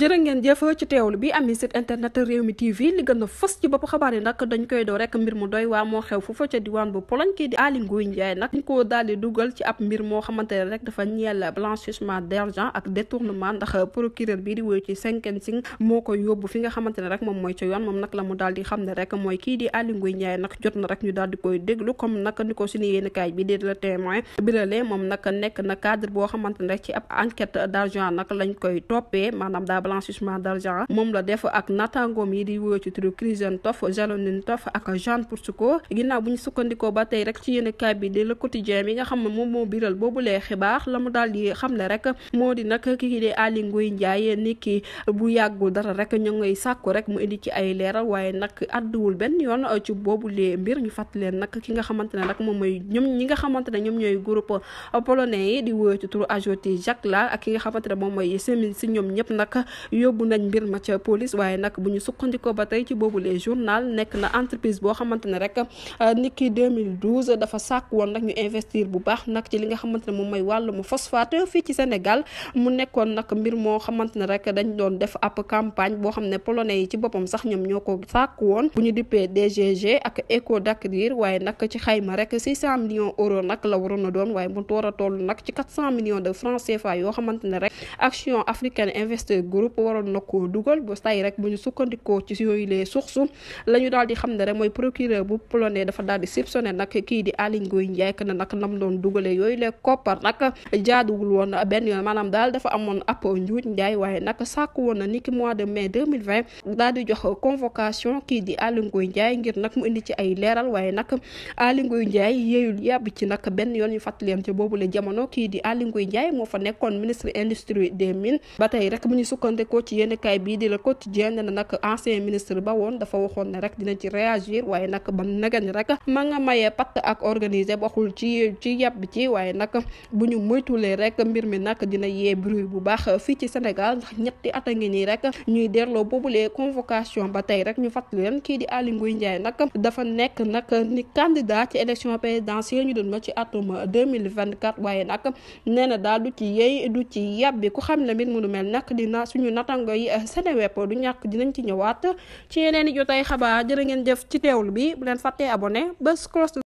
jërë ngeen jëf ci teewlu bi ami site internet réew mi TV li gën a ci bopp xabaar yi nag dañ koy doo rek mbir mu doy waa moo xew foofa ca diwaan bu Pologne kii di Aly Ngouille Ndiaye nag dañ moo xamante ne rek dafa ñeel blanchissement d'argent ne rek moom mooy ca yoon moom nag la mu daal di xam ne rek mooy kii di Aly Ngouille Ndiaye nag jot na rek ñu daal di koy déglu comme nag ni ko suñu yéenekaay bi di Le Témoin biralee moom nag nekk na cadre boo xamante rek ci ab enquête d'argent nag lañ koy toppee maanaam daa blanchiment d'argent moom la def ak nattaangoom yi di wuyoo ci turu Kristen Toff Jalonine Toff ak Jean bu ñu mu daal di dara rek ñu ngay rek mu indi ci ay leeral waaye nag àdduwul a yoon ci boobulee mbir ñu fàttali leen nag ki nga xamante ne rek moom mooy ñoom ñi nga xamante ne ñoom ñooy groupe polonais yi di la ki nga xamante ne moom mooy yóbbu nañ mbir ma ca police waaye nag bu ñu sukkandikoo ba tey ci boobu les journal nekk na entreprise boo xamante ne rek euh, ni ki 2012 dafa sàkk woon nag ñu investir bu baax nag ci li nga xamante ne moom mooy wàllum phosphate fii ci Sénégal mu nekkoon nag mbir moo xamante ne rek dañ doon def app campagne boo xam ne polonais yi ci boppam sax ñoom ñoo ko sàkk woon bu ñu dippee DGG ak Ecodactyl waaye nag ci xayma rek 600 millions euros nag la waroon na doon waaye mu door a toll nag ci 400 millions de francs CFA yoo xamante ne rek Action groupe waroon na ko dugal ba say rek bu ñu sukkandikoo ci yooyu les sources la ñu daal di xam ne rek mooy procureur bu polonais dafa daal di soupçonné nag kii di Aly Ngouille Ndiaye na nag nam doon dugalee yooyu les koppar nag jaaduwul woon benn yoon maanaam daal dafa amoon ab njuuj njaay waaye nag sàkku woon na ni ki mois de mai 2020 daal di jox convocation kii di Aly Ngouille Ndiaye ngir nag mu indi ci ay leeral waaye nag Aly Ngouille Ndiaye yeeyul yàbb ci nag benn yoon ñu fàttaleem ci boobule jamono kii di Aly Ngouille Ndiaye moo fa nekkoon ministre industrie des mines ba tey rek bu ñu sukkandi sukkandikoo ci yenn kaay bii di la quotidien ne nag ancien ministre ba woon dafa waxoon ne rek dina ci réagir waaye nag ba nagani rek ma nga mayee ak organiser waxul ci ci yàb ci waaye nag bu ñu moytulee rek mbir mi nag dina yee bruit bu baax fii ci Sénégal ñetti at a ngi nii rek ñuy delloo boobulee convocation ba tey rek ñu fàttali leen kii di Aly Ngouille Ndiaye nag dafa nekk nag ni candidat ci élection présidentielle ñu doon ma ci atum 2024 waaye nag nee na daal du ci yey du ci yàbbi ku xam ne mu nu mel nag dina suñu suñu natango yi eh, Seneweb du ñàkk dinañ ci ñëwaat ci yeneen i jotaay xabaar jërë ngeen jëf ci teewlu bi bu leen fàttee abonné bés cloche